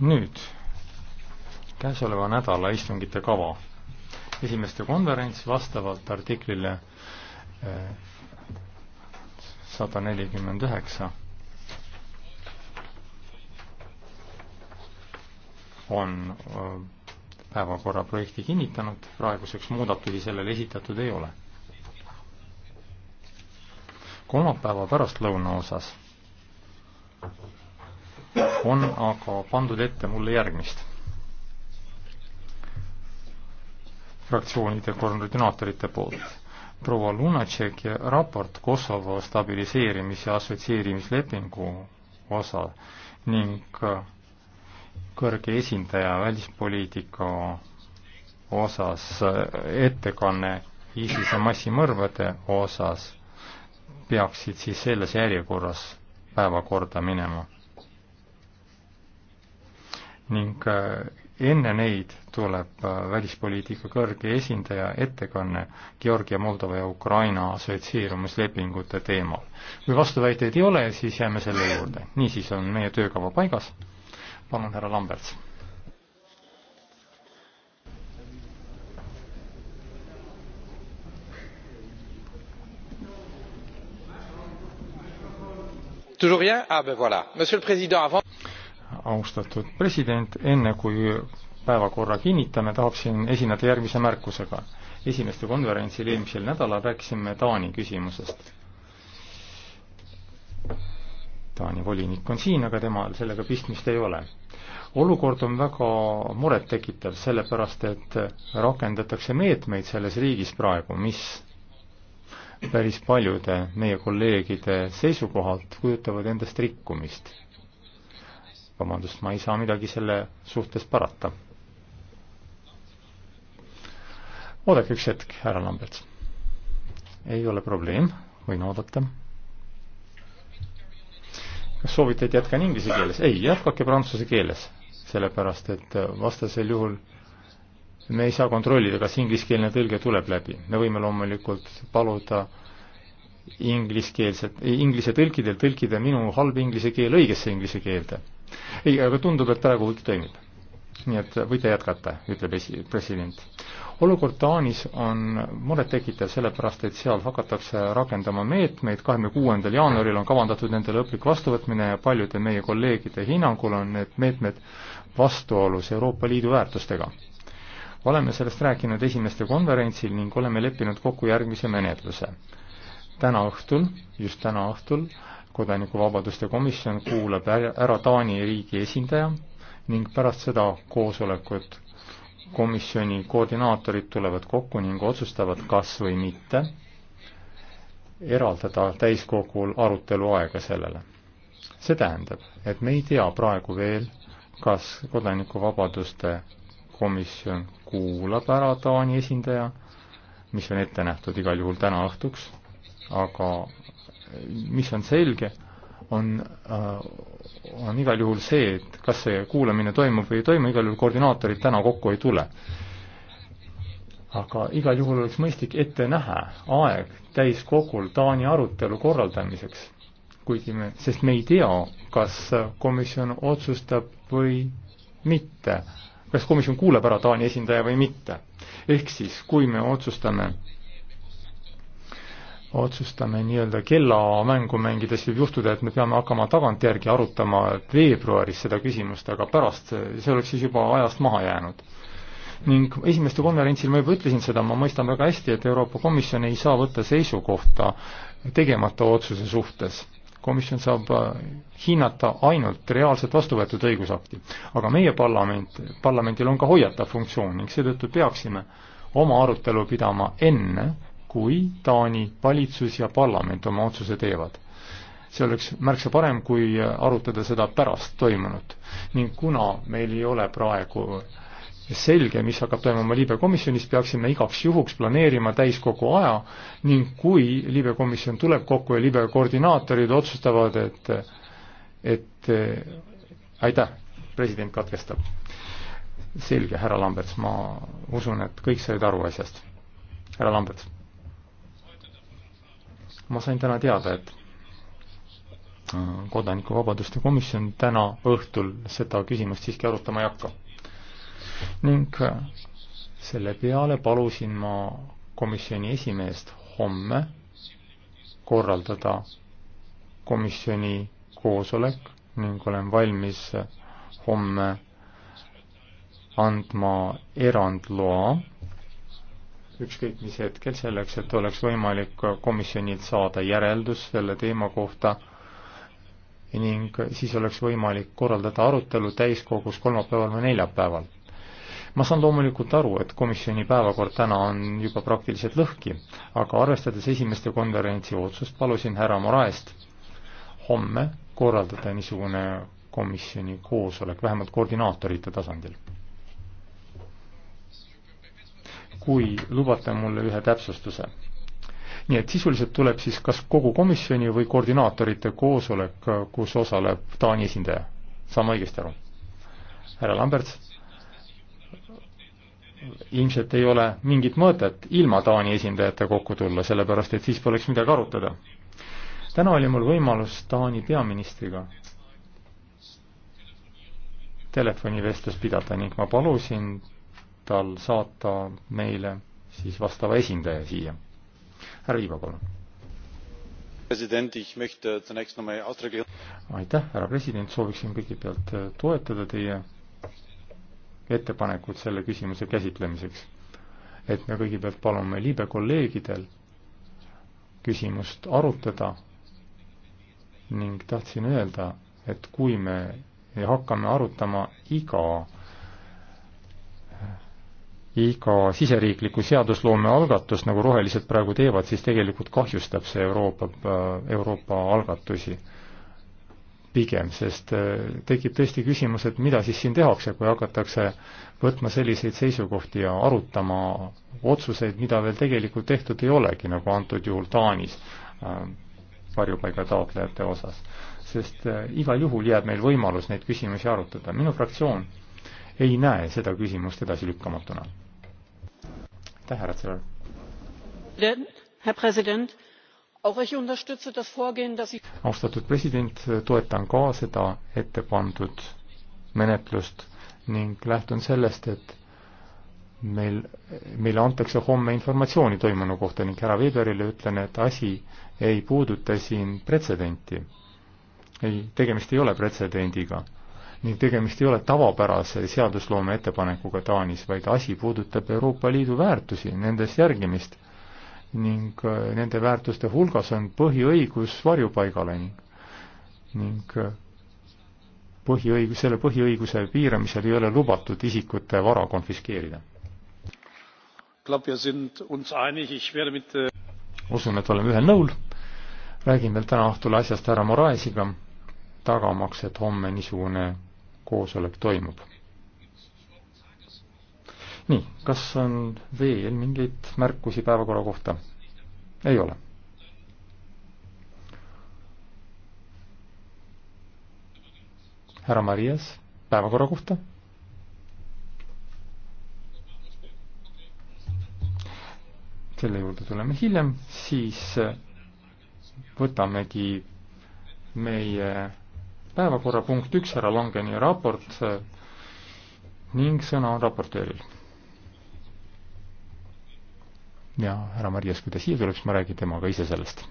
nüüd käesoleva nädala istungite kava. esimeste konverents vastavalt artiklile eh, sada nelikümmend üheksa on eh, päevakorra projekti kinnitanud, praeguseks muudatusi sellele esitatud ei ole. kolmapäeva pärastlõuna osas on aga pandud ette mulle järgmist. fraktsioonide koordinaatorite poolt. proua Lunatšeki raport Kosovo stabiliseerimis- ja assotsieerimislepingu osa ning kõrge esindaja välispoliitika osas ettekanne ISISe massimõrvade osas peaksid siis selles järjekorras päevakorda minema ning äh, enne neid tuleb äh, välispoliitika kõrge esindaja ettekanne Georgia, Moldova ja Ukraina assotsieerumislepingute teemal. kui vastuväiteid ei ole, siis jääme selle juurde. niisiis on meie töökava paigas. palun, härra Lamberts. Toujours bien? Ah ben voilà. Monsieur le Président, avant austatud president, enne kui päevakorra kinnitame, tahaksin esineda järgmise märkusega. esimeste konverentsil eelmisel nädalal rääkisime Taani küsimusest. Taani volinik on siin, aga temal sellega pistmist ei ole. olukord on väga murettekitav, sellepärast et rakendatakse meetmeid selles riigis praegu, mis päris paljude meie kolleegide seisukohalt kujutavad endast rikkumist vabandust, ma ei saa midagi selle suhtes parata. oodake üks hetk, härra Lambert. ei ole probleem, võin oodata. kas soovite, et jätkan inglise keeles? ei, jätkake prantsuse keeles, sellepärast et vastasel juhul me ei saa kontrollida, kas ingliskeelne tõlge tuleb läbi. me võime loomulikult paluda ingliskeelset, inglise tõlkidel tõlkida minu halb inglise keel õigesse inglise keelde ei, aga tundub, et praegu kõik toimib. nii et võite jätkata, ütleb esi-, president. olukord Taanis on murettekitav, sellepärast et seal hakatakse rakendama meetmeid, kahekümne kuuendal jaanuaril on kavandatud nende lõplik vastuvõtmine ja paljude meie kolleegide hinnangul on need meetmed vastuolus Euroopa Liidu väärtustega oleme sellest rääkinud esimeste konverentsil ning oleme leppinud kokku järgmise menetluse. täna õhtul, just täna õhtul, kodanikuvabaduste komisjon kuulab ära Taani riigi esindaja ning pärast seda koosolekut komisjoni koordinaatorid tulevad kokku ning otsustavad, kas või mitte eraldada täiskogul arutelu aega sellele. see tähendab, et me ei tea praegu veel, kas kodanikuvabaduste komisjon kuulab ära Taani esindaja, mis on ette nähtud igal juhul täna õhtuks aga mis on selge, on, äh, on igal juhul see, et kas see kuulamine toimub või ei toimu, igal juhul koordinaatorid täna kokku ei tule. aga igal juhul oleks mõistlik ette näha aeg täiskogul Taani arutelu korraldamiseks, kuigi me, sest me ei tea, kas komisjon otsustab või mitte, kas komisjon kuulab ära Taani esindaja või mitte. ehk siis, kui me otsustame otsustame nii-öelda kellamängu mängides, võib juhtuda, et me peame hakkama tagantjärgi arutama veebruaris seda küsimust, aga pärast, see oleks siis juba ajast maha jäänud. ning esimeste konverentsil ma juba ütlesin seda, ma mõistan väga hästi, et Euroopa Komisjon ei saa võtta seisukohta tegemata otsuse suhtes. komisjon saab äh, hinnata ainult reaalselt vastu võetud õigusakti. aga meie parlament, parlamendil on ka hoiatav funktsioon ning seetõttu peaksime oma arutelu pidama enne, kui Taani valitsus ja parlament oma otsuse teevad. see oleks märksa parem, kui arutada seda pärast toimunut. ning kuna meil ei ole praegu selge, mis hakkab toimuma Liibe komisjonis, peaksime igaks juhuks planeerima täiskogu aja ning kui Liibe komisjon tuleb kokku ja Liibe koordinaatorid otsustavad, et et aitäh, president katkestab. selge, härra Lamberts, ma usun, et kõik said aru asjast. härra Lamberts ma sain täna teada, et äh, kodanikuvabaduste komisjon täna õhtul seda küsimust siiski arutama ei hakka. ning äh, selle peale palusin ma komisjoni esimeest homme korraldada komisjoni koosolek ning olen valmis homme andma erandloa ükskõik mis hetkel, selleks et oleks võimalik komisjonilt saada järeldus selle teema kohta ning siis oleks võimalik korraldada arutelu täiskogus kolmapäeval või neljapäeval. ma saan loomulikult aru, et komisjoni päevakord täna on juba praktiliselt lõhki, aga arvestades esimeste konverentsi otsust, palusin härra Moraest homme korraldada niisugune komisjoni koosolek, vähemalt koordinaatorite tasandil kui lubate mulle ühe täpsustuse. nii et sisuliselt tuleb siis kas kogu komisjoni või koordinaatorite koosolek, kus osaleb Taani esindaja, saan ma õigesti aru? härra Lamberts, ilmselt ei ole mingit mõtet ilma Taani esindajate kokku tulla, sellepärast et siis poleks midagi arutada. täna oli mul võimalus Taani peaministriga telefonivestlust pidada ning ma palusin tal saata meile siis vastava esindaja siia. härra Liiva, palun. aitäh, härra president, sooviksin kõigepealt äh, toetada teie ettepanekut selle küsimuse käsitlemiseks. et me kõigepealt palume liibe kolleegidel küsimust arutada ning tahtsin öelda, et kui me hakkame arutama iga iga siseriikliku seadusloome algatus, nagu rohelised praegu teevad, siis tegelikult kahjustab see Euroopa, Euroopa algatusi pigem, sest äh, tekib tõesti küsimus, et mida siis siin tehakse, kui hakatakse võtma selliseid seisukohti ja arutama otsuseid, mida veel tegelikult tehtud ei olegi, nagu antud juhul Taanis äh, varjupaiga taotlejate osas. sest äh, igal juhul jääb meil võimalus neid küsimusi arutada. minu fraktsioon ei näe seda küsimust edasilükkamatuna. aitäh, härra Tsõber! austatud president, toetan ka seda ette pandud menetlust ning lähtun sellest, et meil, meile antakse homme informatsiooni toimunu kohta ning härra Weberile ütlen, et asi ei puuduta siin pretsedenti. ei, tegemist ei ole pretsedendiga ning tegemist ei ole tavapärase seadusloome ettepanekuga Taanis, vaid asi puudutab Euroopa Liidu väärtusi, nendes järgimist. ning äh, nende väärtuste hulgas on põhiõigus varjupaigale ning, ning äh, põhiõigus, selle põhiõiguse piiramisel ei ole lubatud isikute vara konfiskeerida. Äh, usun, et oleme ühel nõul, räägin veel täna õhtul asjast härra Moraesiga, tagamaks, et homme niisugune koosolek toimub. nii, kas on veel mingeid märkusi päevakorra kohta? ei ole. härra Marias, päevakorra kohta? selle juurde tuleme hiljem, siis võtamegi meie päevakorrapunkt üks, härra Langeni raport ning sõna on raportööril. ja härra Marjas, kui ta siia tuleb, siis ma räägin temaga ise sellest.